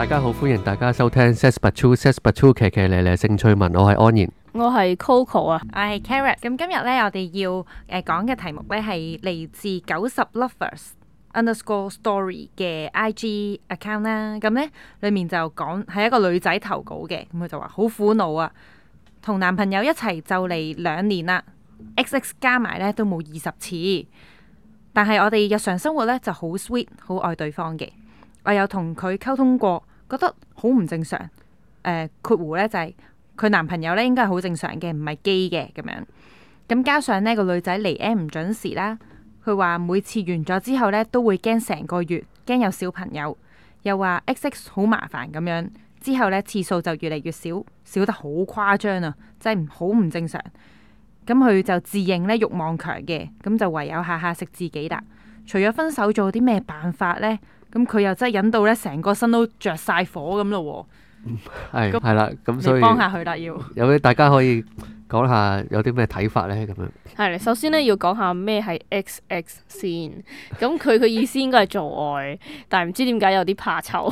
大家好，歡迎大家收聽 s oo, s oo, 奇奇《Sex But True, Sex But True》劇劇咧咧性趣聞，我係安然，我係 Coco 啊，我係 Charis。咁今日咧，我哋要係講嘅題目咧係嚟自《九十 Lovers Underscore Story》嘅 IG account 啦。咁咧裏面就講係一個女仔投稿嘅，咁佢就話好苦惱啊，同男朋友一齊就嚟兩年啦，XX 加埋咧都冇二十次，但係我哋日常生活咧就好 sweet，好愛對方嘅，我有同佢溝通過。覺得好唔正常，呃、括弧咧就係、是、佢男朋友咧應該係好正常嘅，唔係基嘅咁樣。咁加上呢個女仔嚟 M 唔準時啦，佢話每次完咗之後咧都會驚成個月，驚有小朋友，又話 X X 好麻煩咁樣。之後咧次數就越嚟越少，少得好誇張啊，真係好唔正常。咁佢就自認咧慾望強嘅，咁就唯有下下食自己啦。除咗分手，仲有啲咩辦法呢？咁佢又真係引到咧，成個身都着晒火咁咯喎！係係啦，咁那所以幫下佢啦，要有啲大家可以講下有啲咩睇法咧？咁樣係啦，首先咧要講下咩係 X X 先，咁佢嘅意思應該係做愛， 但係唔知點解有啲怕醜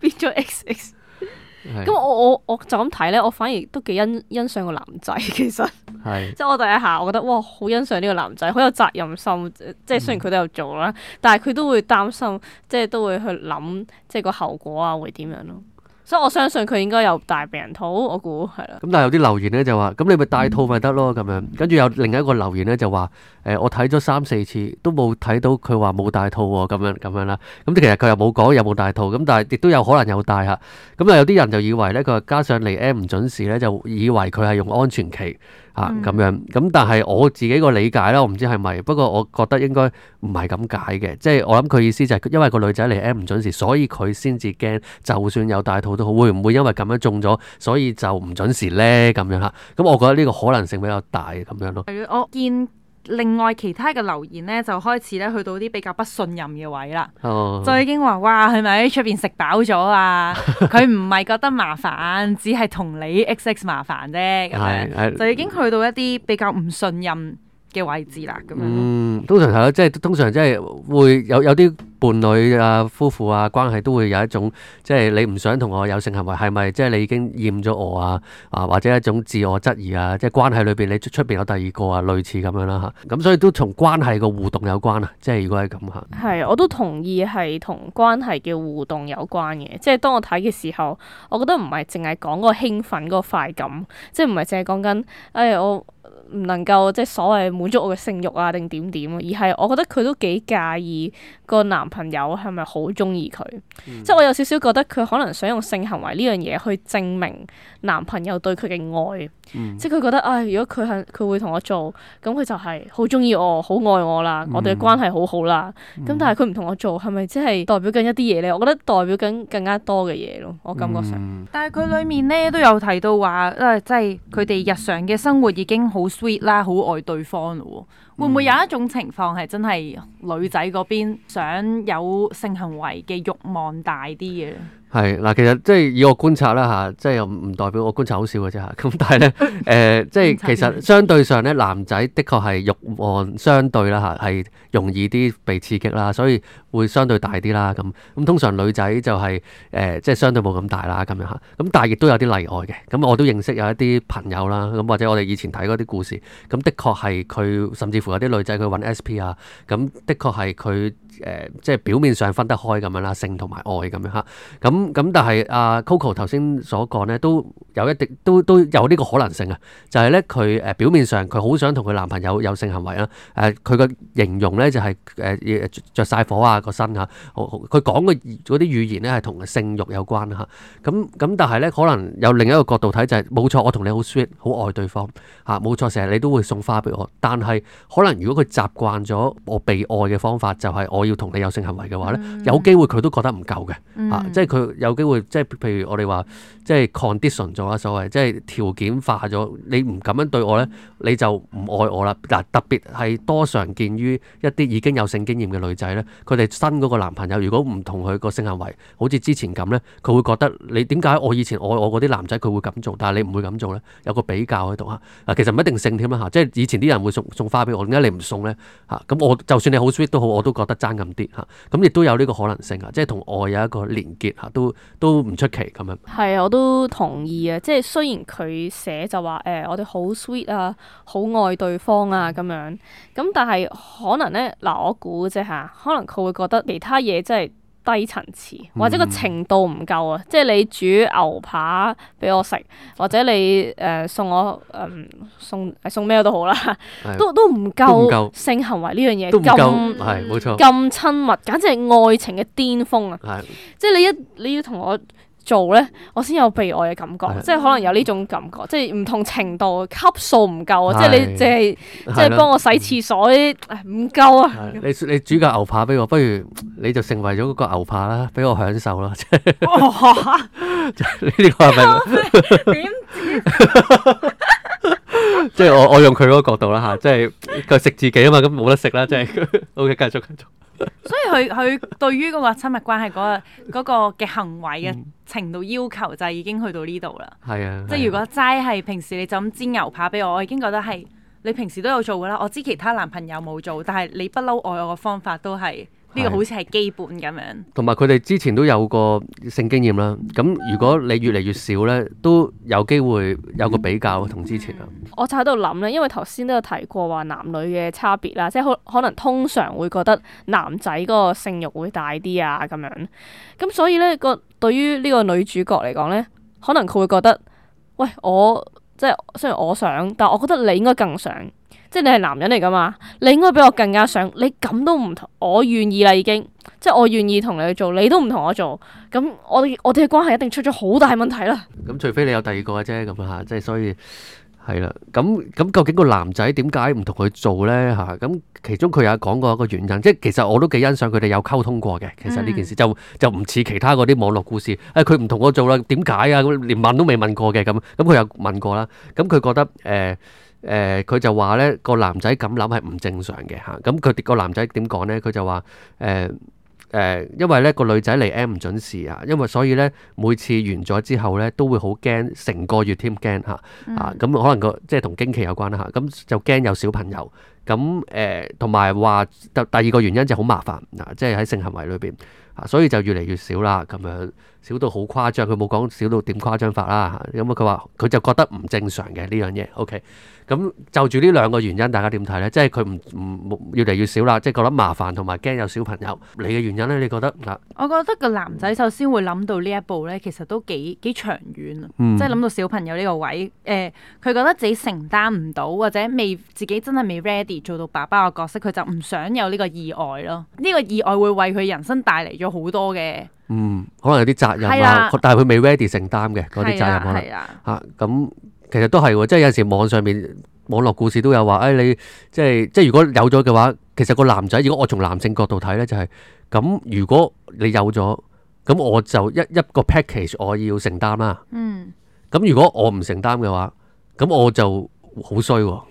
變咗 X X。咁、嗯、我我我就咁睇咧，我反而都幾欣欣賞個男仔，其實，是 即我第一下我覺得哇，好欣賞呢個男仔，好有責任心，即係雖然佢都有做啦，嗯、但係佢都會擔心，即都會去諗，即係個後果啊會點樣咯。所以我相信佢應該有帶避孕套，我估係啦。咁但係有啲留言咧就話，咁你咪帶套咪得咯咁樣。嗯、跟住有另一個留言咧就話，誒我睇咗三四次都冇睇到佢話冇帶套喎，咁樣咁樣啦。咁即其實佢又冇講有冇帶套，咁但係亦都有可能有帶嚇。咁啊有啲人就以為咧佢話加上嚟 M 唔準時咧，就以為佢係用安全期。咁、嗯、樣，咁但係我自己個理解啦，我唔知係咪，不過我覺得應該唔係咁解嘅，即、就、係、是、我諗佢意思就係，因為個女仔嚟 M 唔準時，所以佢先至驚，就算有大肚都好，會唔會因為咁樣中咗，所以就唔準時呢？咁樣吓？咁我覺得呢個可能性比較大咁樣咯。另外其他嘅留言咧，就開始咧去到啲比較不信任嘅位啦，oh. 就已經話哇，係咪喺出邊食飽咗啊？佢唔係覺得麻煩，只係同你 X X 麻煩啫，係咪？ 就已經去到一啲比較唔信任嘅位置啦，咁樣嗯，通常係咯，即係通常即係會有有啲伴侶啊、夫婦啊關係都會有一種，即係你唔想同我有性行為，係咪即係你已經厭咗我啊？啊，或者一種自我質疑啊，即係關係裏邊你出出邊有第二個啊，類似咁樣啦，啊，嚇。咁啊，嗯，所以都同關係個互動有關啊，即係如果係咁嚇。係，我都同意係同關係嘅互動有關嘅。即係當我睇嘅時候，我覺得唔係淨係講嗰個興奮、個快感，即係唔係淨係講緊，哎我。唔能夠即係所謂滿足我嘅性慾啊，定點點？而係我覺得佢都幾介意。個男朋友係咪好中意佢？嗯、即係我有少少覺得佢可能想用性行為呢樣嘢去證明男朋友對佢嘅愛。嗯、即係佢覺得，唉、哎，如果佢肯，佢會同我做，咁佢就係好中意我，好愛我啦，嗯、我哋嘅關係好好啦。咁、嗯、但係佢唔同我做，係咪即係代表緊一啲嘢咧？我覺得代表緊更加多嘅嘢咯，我感覺上、嗯。但係佢裏面咧都有提到話，誒、呃，即係佢哋日常嘅生活已經好 sweet 啦，好愛對方咯。會唔會有一種情況係真係女仔嗰邊？想有性行為嘅欲望大啲嘅。係嗱，其實即係以我觀察啦吓，即係又唔代表我觀察好少嘅啫吓。咁但係咧，誒、呃，即係其實相對上咧，男仔的確係欲望相對啦吓，係容易啲被刺激啦，所以會相對大啲啦。咁咁通常女仔就係、是、誒、呃，即係相對冇咁大啦咁樣吓。咁但係亦都有啲例外嘅。咁我都認識有一啲朋友啦，咁或者我哋以前睇嗰啲故事，咁的確係佢甚至乎有啲女仔佢揾 S P 啊，咁的確係佢誒，即係表面上分得開咁樣啦，性同埋愛咁樣吓，咁。咁但係阿 Coco 頭先所講呢，都有一定都都有呢個可能性啊，就係呢，佢誒表面上佢好想同佢男朋友有性行為啦，誒佢個形容呢，就係着晒火啊個身吓，佢講嘅嗰啲語言呢，係同性欲有關吓，咁咁但係呢，可能有另一個角度睇就係、是、冇錯，我同你好 sweet 好愛對方吓，冇錯成日你都會送花俾我，但係可能如果佢習慣咗我被愛嘅方法就係、是、我要同你有性行為嘅話呢，有機會佢都覺得唔夠嘅即係佢。有機會即係譬如我哋話即係 condition 咗所謂即係條件化咗，你唔咁樣對我咧，你就唔愛我啦。嗱，特別係多常見於一啲已經有性經驗嘅女仔咧，佢哋新嗰個男朋友如果唔同佢個性行為好似之前咁咧，佢會覺得你點解我以前愛我嗰啲男仔佢會咁做，但係你唔會咁做咧？有個比較喺度嚇。嗱，其實唔一定性添啦嚇，即係以前啲人會送送花俾我，點解你唔送咧嚇，咁我就算你好 sweet 都好，我都覺得爭咁啲嚇，咁亦都有呢個可能性啊，即係同愛有一個連結嚇都唔出奇咁樣。係啊，我都同意、哎、啊。即係雖然佢寫就話誒，我哋好 sweet 啊，好愛對方啊咁樣。咁但係可能咧，嗱我估即吓，可能佢會覺得其他嘢真係。低層次，或者個程度唔夠啊！嗯、即係你煮牛扒俾我食，或者你誒、呃、送我嗯、呃、送送咩都好啦的，都都唔夠性行為呢樣嘢咁係冇錯，咁親密，簡直係愛情嘅巔峰啊！的即係你一你要同我。做咧，我先有被愛嘅感覺，嗯、即係可能有呢種感覺，嗯、即係唔同程度級數唔夠，即係你即係即係幫我洗廁所啲，唔夠啊！你你煮個牛扒俾我，不如你就成為咗嗰個牛扒啦，俾我享受啦。哇！即係呢個係咪？點？即係我我用佢嗰個角度啦吓，即係佢食自己啊嘛，咁冇得食啦，即係 OK，繼續繼續。 所以佢佢對於嗰個親密關係嗰、嗰個嘅、嗰個、行為嘅程度要求就已經去到呢度啦。係啊、嗯，即係如果齋係平時你就咁煎牛扒俾我，我已經覺得係你平時都有做噶啦。我知其他男朋友冇做，但係你不嬲愛我，我嘅方法都係。呢個好似係基本咁樣，同埋佢哋之前都有過性經驗啦。咁如果你越嚟越少呢，都有機會有個比較同之前 我就喺度諗呢，因為頭先都有提過話男女嘅差別啦，即係可能通常會覺得男仔嗰個性慾會大啲啊咁樣。咁所以呢，個對於呢個女主角嚟講呢，可能佢會覺得，喂，我即係雖然我想，但我覺得你應該更想。即係你係男人嚟噶嘛？你應該比我更加想，你咁都唔同我願意啦，已經願即係我願意同你去做，你都唔同我做，咁我我哋嘅關係一定出咗好大問題啦。咁、嗯、除非你有第二個嘅啫，咁啊吓，即係所以係啦。咁咁究竟個男仔點解唔同佢做咧？吓，咁其中佢有講過一個原因，即係其實我都幾欣賞佢哋有溝通過嘅。其實呢件事就就唔似其他嗰啲網絡故事，誒佢唔同我做啦，點解啊？咁連問都未問過嘅，咁咁佢又問過啦。咁佢覺得誒。呃誒佢、呃、就話咧個男仔咁諗係唔正常嘅嚇，咁佢哋個男仔點講咧？佢就話誒誒，因為咧個女仔嚟 M 唔準時啊，因為所以咧每次完咗之後咧都會好驚，成個月添驚嚇啊！咁、啊、可能個即係同經期有關啦嚇，咁、啊、就驚有小朋友咁誒，同埋話第第二個原因就好麻煩嗱、啊，即係喺性行為裏邊啊，所以就越嚟越少啦咁樣。啊啊少到好誇張，佢冇講少到點誇張法啦。咁啊，佢話佢就覺得唔正常嘅呢樣嘢。OK，咁就住呢兩個原因，大家點睇呢？即係佢唔唔越嚟越少啦，即係覺得麻煩同埋驚有小朋友。你嘅原因呢？你覺得嗱？啊，我覺得個男仔首先會諗到呢一步呢，其實都幾幾長遠，即係諗到小朋友呢個位。誒，呃，佢覺得自己承擔唔到，或者未自己真係未 ready 做到爸爸嘅角色，佢就唔想有呢個意外咯。呢個意外會為佢人生帶嚟咗好多嘅。嗯，可能有啲責任啊，但係佢未 ready 承擔嘅嗰啲責任可能。嚇，咁其實都係喎，即係有陣時網上面網絡故事都有話，誒、哎、你即係即係如果有咗嘅話，其實個男仔如果我從男性角度睇咧，就係、是、咁。如果你有咗，咁我就一一個 package 我要承擔啦。嗯，咁如果我唔承擔嘅話，咁我就好衰喎。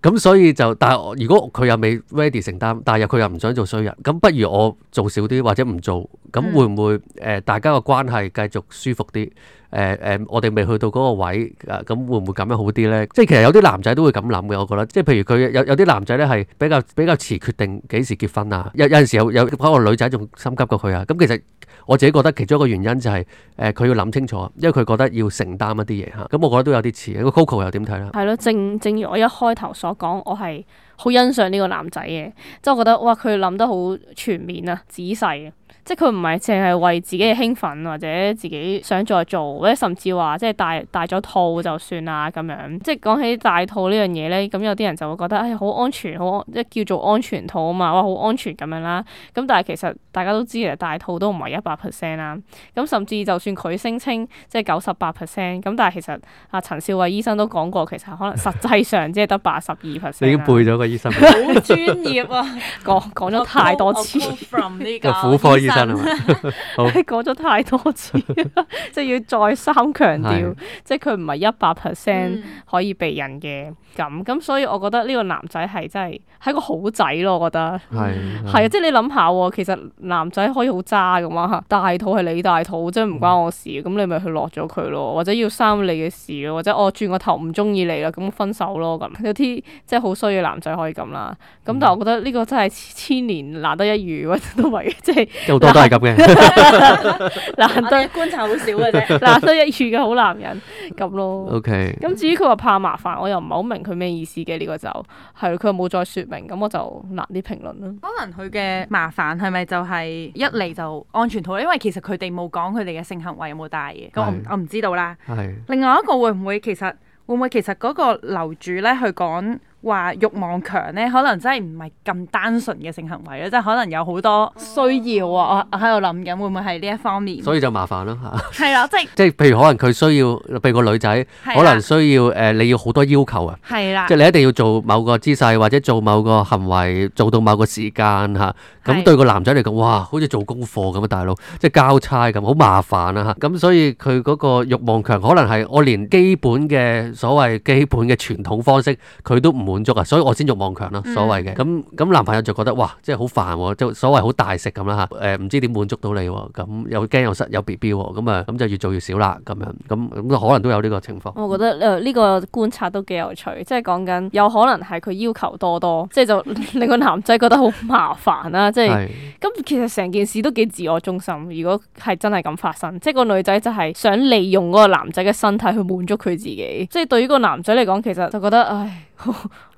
咁所以就，但係如果佢又未 ready 承擔，但係又佢又唔想做衰人，咁不如我做少啲或者唔做，咁會唔會誒、呃、大家個關係繼續舒服啲？誒誒，我哋未去到嗰個位，咁、啊、會唔會咁樣好啲咧？即係其實有啲男仔都會咁諗嘅，我覺得。即係譬如佢有有啲男仔咧係比較比較遲決定幾時結婚啊，有有陣時有有嗰個女仔仲心急過佢啊。咁、嗯、其實我自己覺得其中一個原因就係誒佢要諗清楚，因為佢覺得要承擔一啲嘢嚇。咁、啊嗯、我覺得都有啲似。咁 Coco 又點睇啦？係咯，正正如我一開頭所講，我係好欣賞呢個男仔嘅，即係我覺得哇，佢諗得好全面啊、仔細啊。即佢唔係淨係為自己嘅興奮，或者自己想再做，或者甚至話即係戴戴咗套就算啊咁樣。即係講起戴套呢樣嘢咧，咁、嗯、有啲人就會覺得誒好、哎、安全，好安即叫做安全套啊嘛，哇好安全咁樣啦。咁但係其實大家都知啊，戴套都唔係一百 percent 啦。咁甚至就算佢聲稱即係九十八 percent，咁但係其實啊陳少偉醫生都講過，其實可能實際上即係得八十二 percent。 你已經背咗個醫生， 好專業啊， 講講咗太多次。婦 科真你講咗太多次， 即係要再三強調，的即係佢唔係一百 percent 可以避孕嘅咁。咁、嗯、所以我覺得呢個男仔係真係係個好仔咯，我覺得係係啊。即係你諗下喎，其實男仔可以好渣嘅嘛。大肚係你大肚，即係唔關我事。咁你咪去落咗佢咯，或者要生你嘅事咯，或者我、哦、轉個頭唔中意你啦，咁分手咯咁。有啲即係好衰嘅男仔可以咁啦。咁但係我覺得呢個真係千年難得一遇，都唔係即係。都係咁嘅，難得觀察好少嘅啫，難得一遇嘅好男人咁咯。OK，咁至於佢話怕麻煩，我又唔係好明佢咩意思嘅，呢個就係佢又冇再説明，咁我就難啲評論啦。可能佢嘅麻煩係咪就係一嚟就安全套？因為其實佢哋冇講佢哋嘅性行為有冇戴嘢。咁是我唔知道啦。係是另外一個會唔會其實會唔會其實嗰個樓主咧去講？話欲望強咧，可能真係唔係咁單純嘅性行為咯，即係可能有好多需要啊！我喺度諗緊，會唔會係呢一方面？所以就麻煩啦，吓。係咯， 即係即係，譬如可能佢需要譬如個女仔，的可能需要誒、呃，你要好多要求啊，係啦的，即係你一定要做某個姿勢或者做某個行為，做到某個時間吓，咁的對個男仔嚟講，哇，好似做功課咁啊，大佬，即係交差咁，好麻煩啊吓，咁所以佢嗰個欲望強，可能係我連基本嘅所謂基本嘅傳統方式，佢都唔。滿足啊，所以我先慾望強啦、啊，所謂嘅咁咁男朋友就覺得哇，即係好煩喎、啊，即係所謂好大食咁啦嚇，誒、呃、唔知點滿足到你喎、啊，咁又驚又失又別標喎，咁啊咁就越做越少啦、啊，咁樣咁咁可能都有呢個情況。我覺得呢、呃呢個觀察都幾有趣，即係講緊有可能係佢要求多多，即係 就令個男仔覺得好麻煩啦、啊，即係咁其實成件事都幾自我中心。如果係真係咁發生，即、就、係、是、個女仔就係想利用嗰個男仔嘅身體去滿足佢自己，即、就、係、是、對於個男仔嚟講，其實就覺得唉。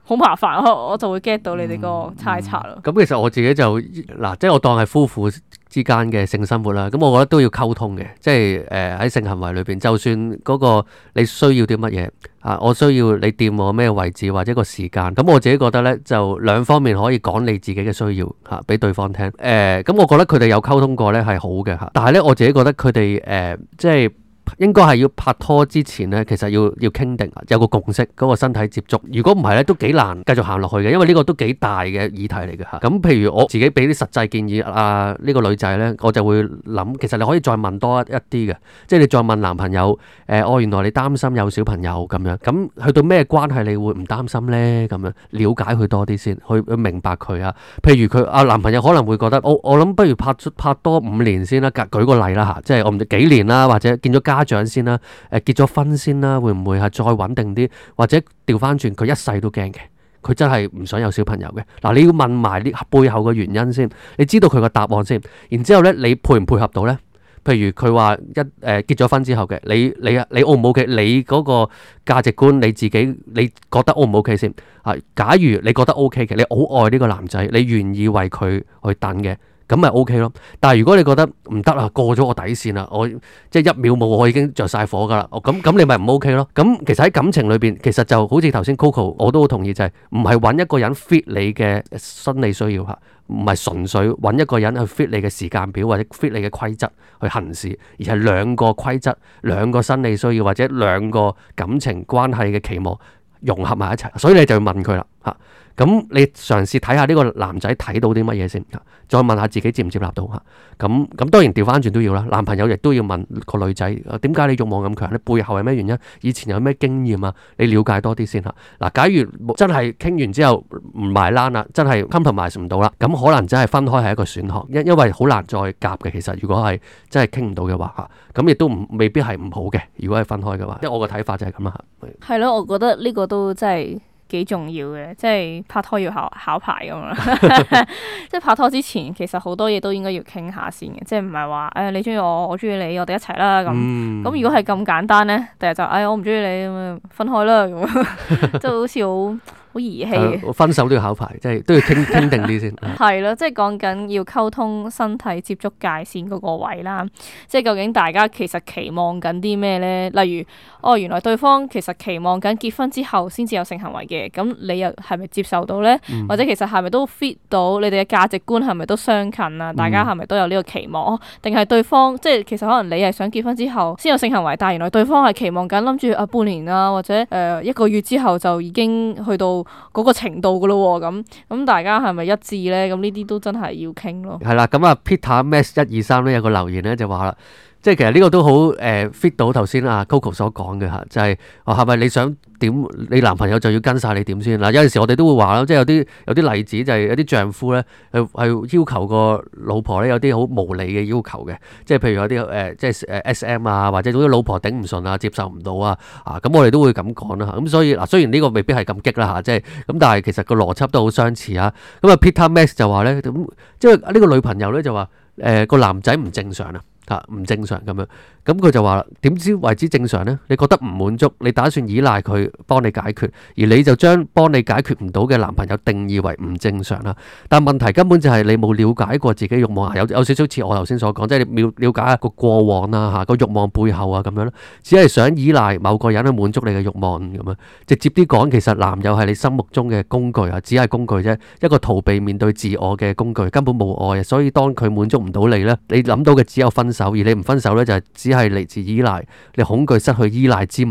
好 麻煩，我我就會 get 到你哋個猜測咯、嗯。咁、嗯嗯、其實我自己就嗱，即係、就是、我當係夫婦之間嘅性生活啦。咁我覺得都要溝通嘅，即係誒喺性行為裏邊，就算嗰個你需要啲乜嘢啊，我需要你掂我咩位置或者個時間。咁我自己覺得呢，就兩方面可以講你自己嘅需要吓俾、啊、對方聽。誒、啊，咁、嗯嗯、我覺得佢哋有溝通過呢係好嘅吓、啊，但係呢，我自己覺得佢哋誒即係。應該係要拍拖之前呢，其實要要傾定，有個共識嗰個身體接觸。如果唔係咧，都幾難繼續行落去嘅，因為呢個都幾大嘅議題嚟嘅嚇。咁、啊、譬如我自己俾啲實際建議啊，呢、這個女仔呢，我就會諗，其實你可以再問多一啲嘅，即係你再問男朋友，誒、啊，我、哦、原來你擔心有小朋友咁樣，咁去到咩關係你會唔擔心呢？咁樣了解佢多啲先，去去明白佢啊。譬如佢啊，男朋友可能會覺得，哦、我我諗不如拍拍多五年先啦。格舉個例啦嚇、啊，即係我唔知幾年啦，或者見咗家。家長先啦，誒、啊、結咗婚先啦，啊，會唔會係再穩定啲？或者調翻轉，佢一世都驚嘅，佢真係唔想有小朋友嘅。嗱、啊，你要問埋啲背後嘅原因先，你知道佢個答案先。然之後咧，你配唔配合到咧？譬如佢話一誒、啊、結咗婚之後嘅，你你你 O 唔 O K？你嗰個價值觀你自己你覺得 O 唔 O K 先啊？假如你覺得 O K 嘅，你好愛呢個男仔，你願意為佢去等嘅。咁咪 OK 咯，但係如果你覺得唔得啊，過咗個底線啦，我即係一秒冇，我已經着晒火噶啦，咁咁你咪唔 OK 咯。咁其實喺感情裏邊，其實就好似頭先 Coco，我都好同意，就係唔係揾一個人 fit 你嘅生理需要吓，唔係純粹揾一個人去 fit 你嘅時間表或者 fit 你嘅規則去行事，而係兩個規則、兩個生理需要或者兩個感情關係嘅期望融合埋一齊，所以你就要問佢啦吓。咁你嘗試睇下呢個男仔睇到啲乜嘢先，再問下自己接唔接納到嚇。咁咁當然調翻轉都要啦。男朋友亦都要問個女仔，點解你欲望咁強？你背後係咩原因？以前有咩經驗啊？你了解多啲先嚇。嗱、啊，假如真係傾完之後唔埋欄啦，真係 compromise 唔到啦，咁可能真係分開係一個選項，因因為好難再夾嘅。其實如果係真係傾唔到嘅話嚇，咁亦都唔未必係唔好嘅。如果係分開嘅話，即係我嘅睇法就係咁嚇。係咯，我覺得呢個都真係，幾重要嘅，即係拍拖要考考牌咁樣。 即係拍拖之前，其實好多嘢都應該要傾下先嘅，即係唔係話誒你中意我，我中意你，我哋一齊啦咁。咁、嗯、如果係咁簡單咧，第日就誒、哎、我唔中意你咁樣分開啦，咁樣即係好似好。好兒戲分手都要考牌、 嗯，即係都要傾傾定啲先。係咯，即係講緊要溝通身體接觸界線嗰個位啦。即係究竟大家其實期望緊啲咩咧？例如，哦，原來對方其實期望緊結婚之後先至有性行為嘅，咁你又係咪接受到咧？或者其實係咪都 fit 到你哋嘅價值觀係咪都相近啊？大家係咪都有呢個期望？定係對方即係其實可能你係想結婚之後先有性行為，但係原來對方係期望緊諗住啊半年啊，或者誒、呃、一個月之後就已經去到。嗰個程度嘅咯喎，咁咁大家係咪一致呢？咁呢啲都真係要傾咯。係啦，咁啊，Peter Max 一二三咧有個留言咧就話啦。 即係其實呢個都好誒 fit 到頭先阿、啊、Coco 所講嘅嚇，就係、是、哦係咪你想點你男朋友就要跟晒你點先嗱？有陣時我哋都會話啦，即係有啲有啲例子就係、是、有啲丈夫咧係係要求個老婆咧有啲好無理嘅要求嘅，即係譬如有啲誒即係 SM 啊，或者嗰啲老婆頂唔順啊，接受唔到啊啊，咁我哋都會咁講啦。咁、啊、所以嗱、啊、雖然呢個未必係咁激啦吓、啊，即係咁但係其實個邏輯都好相似啊。咁啊 Peter Max 就話咧、嗯，即係呢個女朋友咧就話。誒個男仔唔正常啊，嚇唔正常咁樣，咁佢就話啦，點知為之正常呢？你覺得唔滿足，你打算依賴佢幫你解決，而你就將幫你解決唔到嘅男朋友定義為唔正常啦。但問題根本就係你冇了解過自己欲望啊，有少少似我頭先所講，即係了了解下個過往啊，嚇個慾望背後啊咁樣咯，只係想依賴某個人去滿足你嘅欲望咁樣。直接啲講，其實男友係你心目中嘅工具啊，只係工具啫，一個逃避面對自我嘅工具，根本冇愛嘅。所以當佢滿足唔，你到你呢，你諗到嘅只有分手，而你唔分手呢，就係只係嚟自依賴，你恐懼失去依賴之物，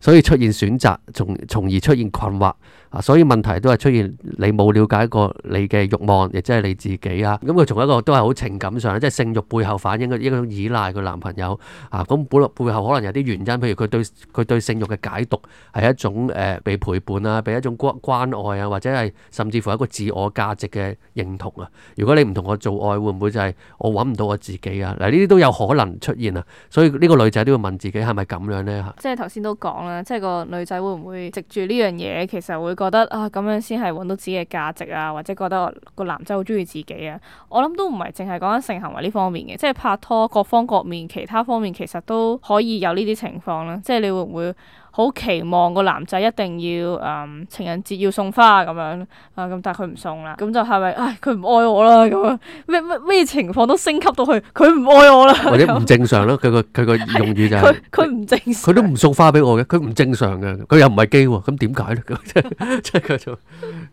所以出現選擇，從從而出現困惑。啊，所以問題都係出現你冇了解過你嘅欲望，亦即係你自己啊。咁佢從一個都係好情感上，即係性欲背後反映嘅一種依賴佢男朋友啊。咁本來背後可能有啲原因，譬如佢對佢對性欲嘅解讀係一種誒被陪伴啊，被一種關關愛啊，或者係甚至乎一個自我價值嘅認同啊。如果你唔同我做愛，會唔會就係我揾唔到我自己啊？嗱，呢啲都有可能出現啊。所以呢個女仔都要問自己係咪咁樣呢？即係頭先都講啦，即係個女仔會唔會藉住呢樣嘢，其實會。覺得啊，咁樣先係揾到自己嘅價值啊，或者覺得個男仔好中意自己啊，我諗都唔係淨係講緊性行為呢方面嘅，即係拍拖各方各面、其他方面其實都可以有呢啲情況啦，即係你會唔會？好期望個男仔一定要誒、嗯，情人節要送花咁樣啊，咁但係佢唔送啦，咁就係、是、咪唉，佢唔愛我啦咁啊？咩咩咩情況都升級到去，佢唔愛我啦，或者唔正常啦？佢個佢個用語就係佢佢唔正常，佢都唔送花俾我嘅，佢唔正常嘅，佢又唔係基喎，咁點解咧？即係佢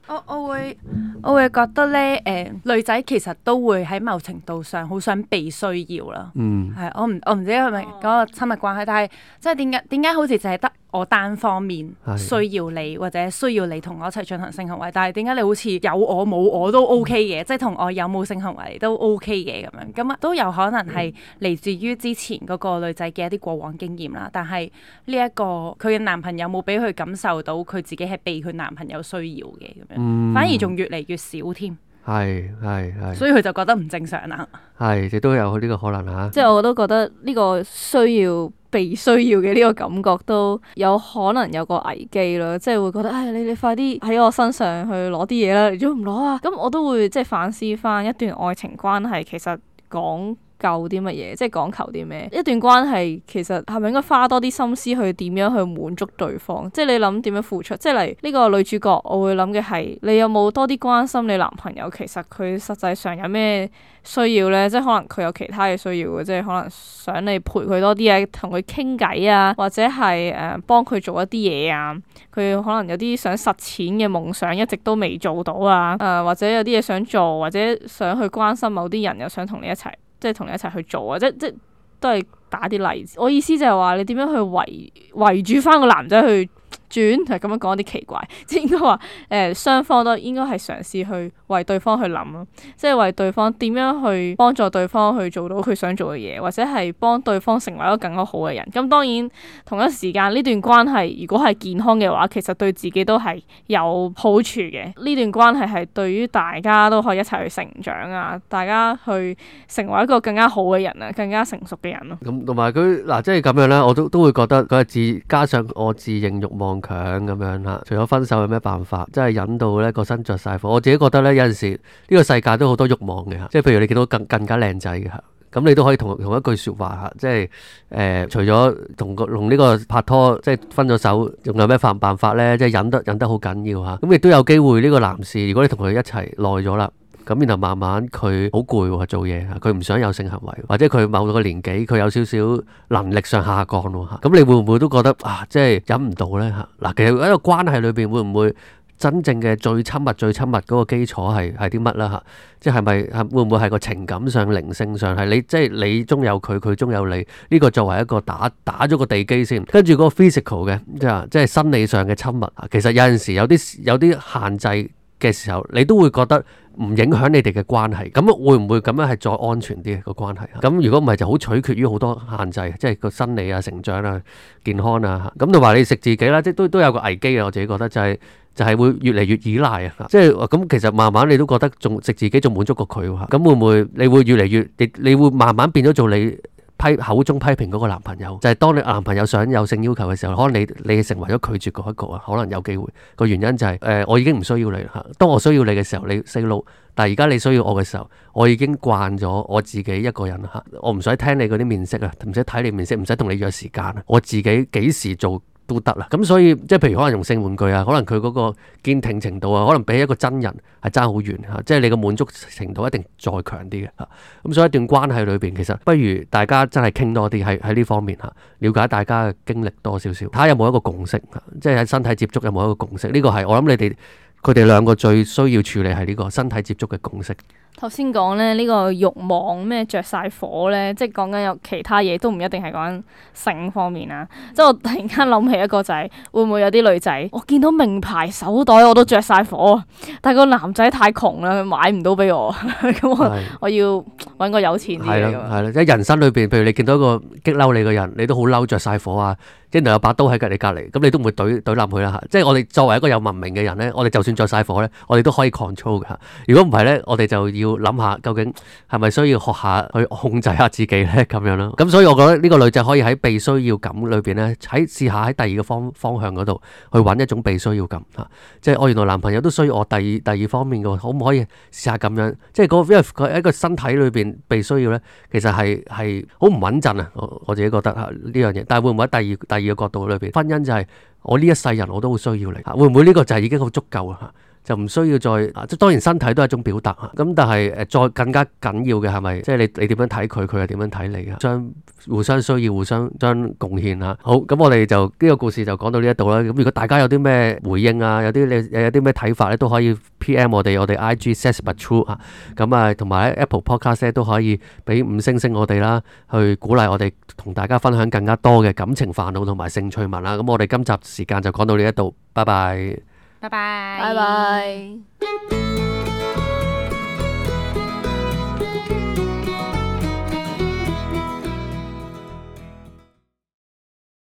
我我會我會覺得咧誒、呃，女仔其實都會喺某程度上好想被需要啦，係、嗯、我唔我唔知係咪嗰個親密關係，但係即係點解點解好似淨係得。我單方面需要你，或者需要你同我一齊進行性行為，但係點解你好似有我冇我都 OK 嘅，即係同我有冇性行為都 OK 嘅咁樣。咁啊都有可能係嚟自於之前嗰個女仔嘅一啲過往經驗啦。但係呢一個佢嘅男朋友冇俾佢感受到佢自己係被佢男朋友需要嘅咁樣，反而仲越嚟越少添。係係係，所以佢就覺得唔正常啦。係亦都有呢個可能吓啊。即係我都覺得呢個需要。被需要嘅呢個感覺都有可能有個危機咯，即係會覺得，唉，你你快啲喺我身上去攞啲嘢啦，你做唔攞啊，咁我都會即係反思翻一段愛情關係，其實講夠啲乜嘢，即係講求啲咩？一段關係其實係咪應該花多啲心思去點樣去滿足對方？即係你諗點樣付出？即係例如呢個女主角，我會諗嘅係你有冇多啲關心你男朋友？其實佢實際上有咩需要咧？即係可能佢有其他嘅需要，即係可能想你陪佢多啲啊，同佢傾偈啊，或者係誒，幫佢做一啲嘢啊。佢可能有啲想實踐嘅夢想一直都未做到啊，誒、呃、或者有啲嘢想做，或者想去關心某啲人又想同你一齊。即係同你一齊去做啊！即即都係打啲例子。我意思就係話，你點樣去圍圍住返個男仔去轉？係咁樣講有啲奇怪，即應該話誒、呃，雙方都應該係嘗試去。為對方去諗咯，即係為對方點樣去幫助對方去做到佢想做嘅嘢，或者係幫對方成為一個更加好嘅人。咁當然，同一時間呢段關係如果係健康嘅話，其實對自己都係有好處嘅。呢段關係係對於大家都可以一齊去成長啊，大家去成為一個更加好嘅人啊，更加成熟嘅人咯。咁同埋佢嗱，即係咁樣咧，我都都會覺得佢係自加上我自認欲望強咁樣啦，除咗分手有咩辦法？即係忍到咧個身着晒火，我自己覺得咧。有陣時呢個世界都好多慾望嘅吓，即係譬如你見到更更加靚仔嘅吓，咁你都可以同同一句說話吓，即係誒、呃，除咗同個同呢個拍拖，即係分咗手，仲有咩辦辦法咧？即係忍得忍得好緊要吓，咁亦都有機會呢個男士，如果你同佢一齊耐咗啦，咁然後慢慢佢好攰做嘢啊，佢唔想有性行為，或者佢某個年紀佢有少少能力上下降咯吓，咁你會唔會都覺得啊，即係忍唔到咧吓？嗱，其實喺個關係裏邊會唔會？真正嘅最親密、最親密嗰個基礎係係啲乜啦吓？即係咪係會唔會係個情感上、靈性上係你即係、就是、你中有佢，佢中有你呢，這個作為一個打打咗個地基先，跟住嗰個 physical 嘅即係生理上嘅親密啊。其實有陣時有啲有啲限制嘅時候，你都會覺得唔影響你哋嘅關係。咁會唔會咁樣係再安全啲、這個關係？咁如果唔係，就好取決於好多限制，即係個生理啊、成長啊、健康啊。咁同埋你食自己啦，即都都有個危機啊。我自己覺得就係、是。就係會越嚟越依賴啊，即係咁其實慢慢你都覺得仲食自己仲滿足過佢喎，咁會唔會你會越嚟越你你會慢慢變咗做你批口中批評嗰個男朋友，就係、是、當你男朋友想有性要求嘅時候，可能你你成為咗拒絕嗰一個啊，可能有機會個原因就係、是、誒、呃、我已經唔需要你嚇，當我需要你嘅時候你細路，但係而家你需要我嘅時候，我已經慣咗我自己一個人嚇，我唔使聽你嗰啲面色啊，唔使睇你面色，唔使同你約時間啊，我自己幾時做，都得啦，咁所以即係譬如可能用性玩具啊，可能佢嗰個堅挺程度啊，可能比一個真人係差好遠吓，即係你個滿足程度一定再強啲嘅吓。咁、啊、所以一段關係裏邊，其實不如大家真係傾多啲，係喺呢方面吓、啊，了解大家嘅經歷多少少，睇下有冇一個共識，即係喺身體接觸有冇一個共識。呢、啊、個係、這個、我諗你哋佢哋兩個最需要處理係呢、這個身體接觸嘅共識。頭先講咧，呢個慾望咩着晒火咧，即係講緊有其他嘢都唔一定係講緊性方面啊。即係我突然間諗起一個仔、就係，會唔會有啲女仔，我見到名牌手袋我都着晒火啊！但係個男仔太窮啦，佢買唔到俾我，咁 我的我要揾個有錢啲嘅。即係人生裏邊，譬如你見到一個激嬲你嘅人，你都好嬲，着晒火啊！即係有把刀喺隔離隔離，咁你都唔會懟懟冧佢啦。即係我哋作為一個有文明嘅人咧，我哋就算着晒火咧，我哋都可以 control 嘅。如果唔係咧，我哋就要。要諗下究竟係咪需要學下去控制下自己咧，咁樣啦，咁所以我覺得呢個女仔可以喺被需要感裏邊咧，喺試下喺第二個方方向嗰度去揾一種被需要感吓，即、啊、係、就是、我原來男朋友都需要我第二第二方面嘅，可唔可以試下咁樣？即係嗰個因為佢喺個身體裏邊被需要咧，其實係係好唔穩陣啊！我我自己覺得吓呢樣嘢，但係會唔會喺第二第二嘅角度裏邊，婚姻就係、是。我呢一世人我都好需要你，會唔會呢個就係已經好足夠啊？就唔需要再即當然身體都係一種表達吓。咁但係誒，再更加緊要嘅係咪即係你你點樣睇佢，佢係點樣睇你啊？相互相需要，互相將貢獻吓。好，咁我哋就呢、呢個故事就講到呢一度啦。咁如果大家有啲咩回應啊，有啲你有啲咩睇法咧，都可以 P.M 我哋，我哋 I.G. SesameTrue 咁啊，同埋 Apple Podcast 都可以俾五星星我哋啦，去鼓勵我哋同大家分享更加多嘅感情煩惱同埋性趣聞啦。咁、啊、我哋今集時間就講到呢一度，拜拜。拜拜，拜拜。